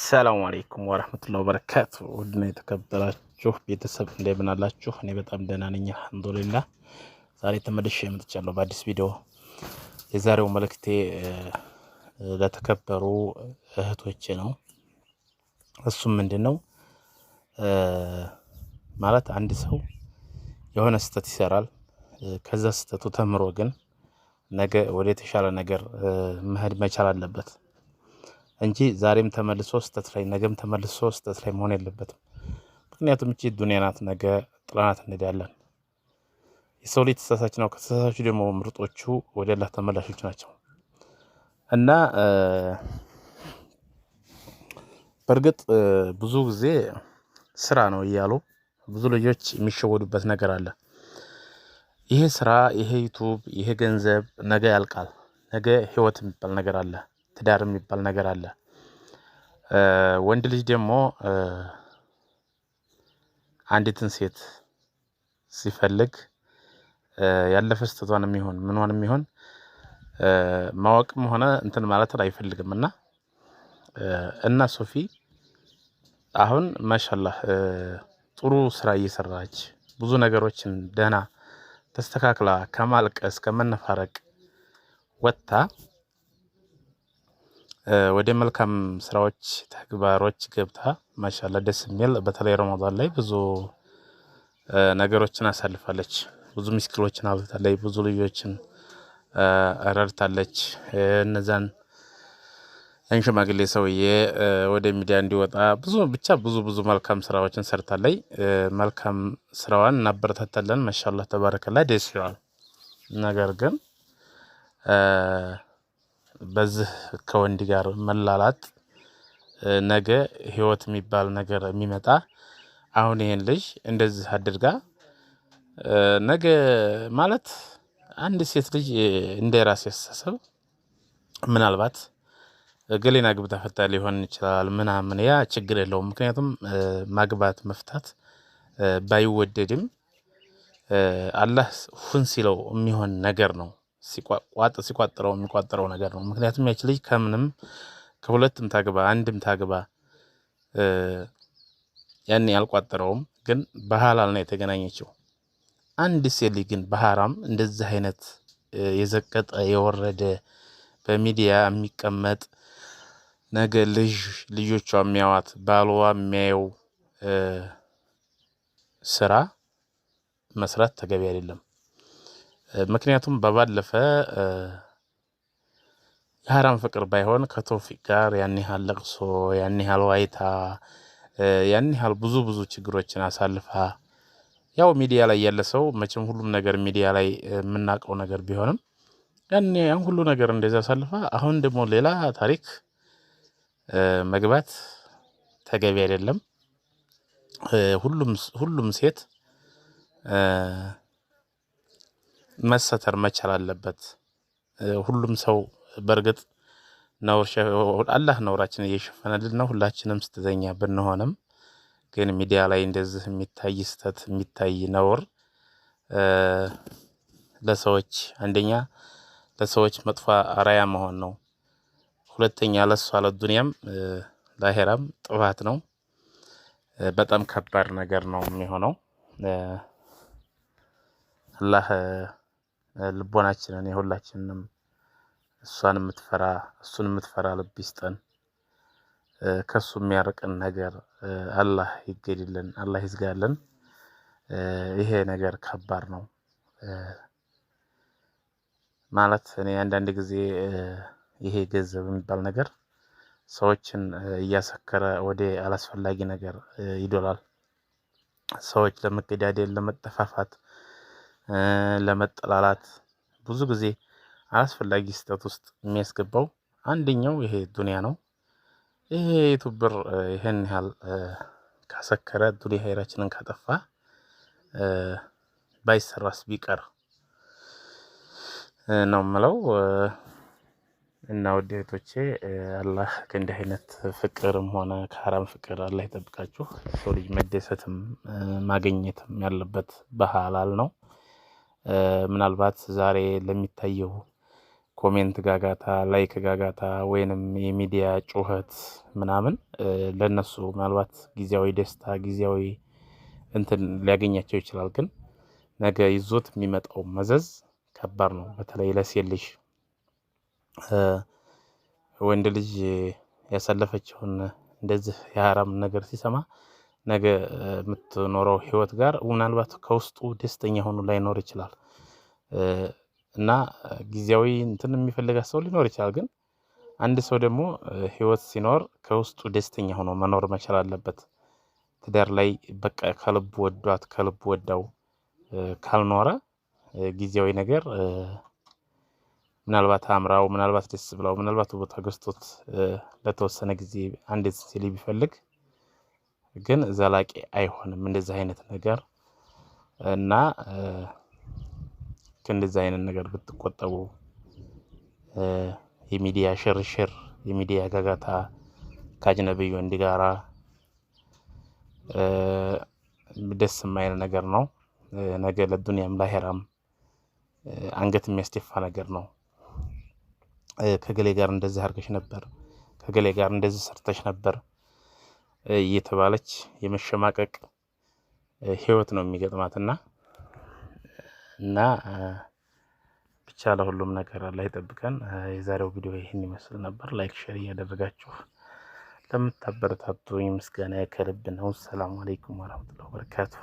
ሰላም አሌይኩም ወረህመቱላሂ ወበረካቱ። ውድና የተከበራችሁ ቤተሰብ እንደምን አላችሁ? እኔ በጣም ደህና ነኝ አልሐምዱሊላህ። ዛሬ ተመልሼ መጥቻለሁ በአዲስ ቪዲዮ። የዛሬው መልእክቴ ለተከበሩ እህቶቼ ነው። እሱም ምንድን ነው ማለት አንድ ሰው የሆነ ስህተት ይሰራል። ከዛ ስህተቱ ተምሮ ግን ነገ ወደ የተሻለ ነገር መሄድ መቻል አለበት። እንጂ ዛሬም ተመልሶ ስህተት ላይ ነገም ተመልሶ ስህተት ላይ መሆን የለበትም። ምክንያቱም እቺ ዱኒያ ናት፣ ነገ ጥላናት እንሄዳለን። የሰው ልጅ ተሳሳች ነው። ከተሳሳቹ ደግሞ ምርጦቹ ወደ አላህ ተመላሾች ናቸው እና በእርግጥ ብዙ ጊዜ ስራ ነው እያሉ ብዙ ልጆች የሚሸወዱበት ነገር አለ። ይሄ ስራ፣ ይሄ ዩቱብ፣ ይሄ ገንዘብ ነገ ያልቃል። ነገ ህይወት የሚባል ነገር አለ። ትዳር የሚባል ነገር አለ። ወንድ ልጅ ደግሞ አንዲትን ሴት ሲፈልግ ያለፈ ስህተቷን የሚሆን ምንን የሚሆን ማወቅም ሆነ እንትን ማለት አይፈልግም እና እና ሶፊ አሁን ማሻላህ ጥሩ ስራ እየሰራች ብዙ ነገሮችን ደህና ተስተካክላ ከማልቀስ ከመነፋረቅ ወጥታ ወደ መልካም ስራዎች ተግባሮች ገብታ ማሻላ ደስ የሚል በተለይ ረመዳን ላይ ብዙ ነገሮችን አሳልፋለች። ብዙ ምስኪኖችን አብልታለች። ብዙ ልጆችን ረድታለች። እነዛን ያን ሽማግሌ ሰውዬ ወደ ሚዲያ እንዲወጣ ብዙ ብቻ ብዙ ብዙ መልካም ስራዎችን ሰርታለች። መልካም ስራዋን እናበረታታለን። ማሻላ ተባረከላ ደስ ይዋል። ነገር ግን በዚህ ከወንድ ጋር መላላጥ ነገ ህይወት የሚባል ነገር የሚመጣ አሁን ይሄን ልጅ እንደዚህ አድርጋ ነገ ማለት አንድ ሴት ልጅ እንደ ራሴ አስተሳሰብ ምናልባት ገሌን አግብታ ፈታ ሊሆን ይችላል ምናምን፣ ያ ችግር የለውም። ምክንያቱም ማግባት መፍታት ባይወደድም አላህ ሁን ሲለው የሚሆን ነገር ነው። ሲቋጥ ሲቋጥረው የሚቋጥረው ነገር ነው። ምክንያቱም ያች ልጅ ከምንም ከሁለትም ታግባ አንድም ታግባ ያኔ አልቋጠረውም፣ ግን በሐላል ነው የተገናኘችው። አንድ ሴት ልጅ ግን በሐራም እንደዚህ አይነት የዘቀጠ የወረደ በሚዲያ የሚቀመጥ ነገ ልጅ ልጆቿ የሚያዋት ባሏ የሚያየው ስራ መስራት ተገቢ አይደለም። ምክንያቱም በባለፈ የሀራም ፍቅር ባይሆን ከቶፊ ጋር ያን ያህል ለቅሶ፣ ያን ያህል ዋይታ፣ ያን ያህል ብዙ ብዙ ችግሮችን አሳልፋ ያው ሚዲያ ላይ ያለ ሰው መቼም ሁሉም ነገር ሚዲያ ላይ የምናውቀው ነገር ቢሆንም ያን ያን ሁሉ ነገር እንደዚ አሳልፋ አሁን ደግሞ ሌላ ታሪክ መግባት ተገቢ አይደለም። ሁሉም ሁሉም ሴት መሰተር መቻል አለበት። ሁሉም ሰው በእርግጥ አላህ ነውራችን እየሸፈነልን ነው። ሁላችንም ስተተኛ ብንሆንም ግን ሚዲያ ላይ እንደዚህ የሚታይ ስተት የሚታይ ነውር ለሰዎች አንደኛ ለሰዎች መጥፎ አራያ መሆን ነው። ሁለተኛ ለሷ ለዱንያም ለአሄራም ጥፋት ነው። በጣም ከባድ ነገር ነው የሚሆነው አላህ ልቦናችንን የሁላችንንም እሷን የምትፈራ እሱን የምትፈራ ልብ ይስጠን። ከሱ የሚያርቅን ነገር አላህ ይገድልን፣ አላህ ይዝጋልን። ይሄ ነገር ከባድ ነው ማለት እኔ አንዳንድ ጊዜ ይሄ ገንዘብ የሚባል ነገር ሰዎችን እያሰከረ ወደ አላስፈላጊ ነገር ይዶላል። ሰዎች ለመገዳደል፣ ለመጠፋፋት ለመጠላላት ብዙ ጊዜ አላስፈላጊ ስህተት ውስጥ የሚያስገባው አንደኛው ይሄ ዱንያ ነው። ይሄ ዩቱበር ይህን ያህል ካሰከረ ዱንያ ሀይራችንን ካጠፋ ባይሰራስ ቢቀር ነው ምለው። እና ውድ እህቶቼ አላህ ከእንዲህ አይነት ፍቅርም ሆነ ከሀራም ፍቅር አላህ ይጠብቃችሁ። ሰው ልጅ መደሰትም ማግኘትም ያለበት በሀላል ነው። ምናልባት ዛሬ ለሚታየው ኮሜንት ጋጋታ፣ ላይክ ጋጋታ ወይንም የሚዲያ ጩኸት ምናምን ለነሱ ምናልባት ጊዜያዊ ደስታ ጊዜያዊ እንትን ሊያገኛቸው ይችላል። ግን ነገ ይዞት የሚመጣው መዘዝ ከባድ ነው። በተለይ ለሴት ልጅ ወንድ ልጅ ያሳለፈችውን እንደዚህ የሀራም ነገር ሲሰማ ነገ የምትኖረው ህይወት ጋር ምናልባት ከውስጡ ደስተኛ ሆኖ ላይኖር ይችላል እና ጊዜያዊ እንትን የሚፈልጋት ሰው ሊኖር ይችላል። ግን አንድ ሰው ደግሞ ህይወት ሲኖር ከውስጡ ደስተኛ ሆኖ መኖር መቻል አለበት። ትዳር ላይ በቃ ከልብ ወዷት ከልብ ወዳው ካልኖረ ጊዜያዊ ነገር ምናልባት አምራው ምናልባት ደስ ብለው ምናልባት ቦታ ገዝቶት ለተወሰነ ጊዜ አንድ ሲል ቢፈልግ ግን ዘላቂ አይሆንም እንደዚህ አይነት ነገር እና ከእንደዚህ አይነት ነገር ብትቆጠቡ። የሚዲያ ሽርሽር፣ የሚዲያ ጋጋታ ከአጅነቢይ ወንድ ጋራ ደስ የማይል ነገር ነው። ነገ ለዱንያም ላሄራም አንገት የሚያስደፋ ነገር ነው። ከገሌ ጋር እንደዚህ አድርገሽ ነበር፣ ከገሌ ጋር እንደዚህ ሰርተሽ ነበር እየተባለች የመሸማቀቅ ህይወት ነው የሚገጥማት እና እና ብቻ ለሁሉም ነገር ላይጠብቀን የዛሬው ቪዲዮ ይህን ይመስል ነበር። ላይክ ሼር እያደረጋችሁ ለምታበረታቱኝ ምስጋና ከልብ ነው። ሰላም አለይኩም ወረህመቱላሂ ወበረካቱሁ።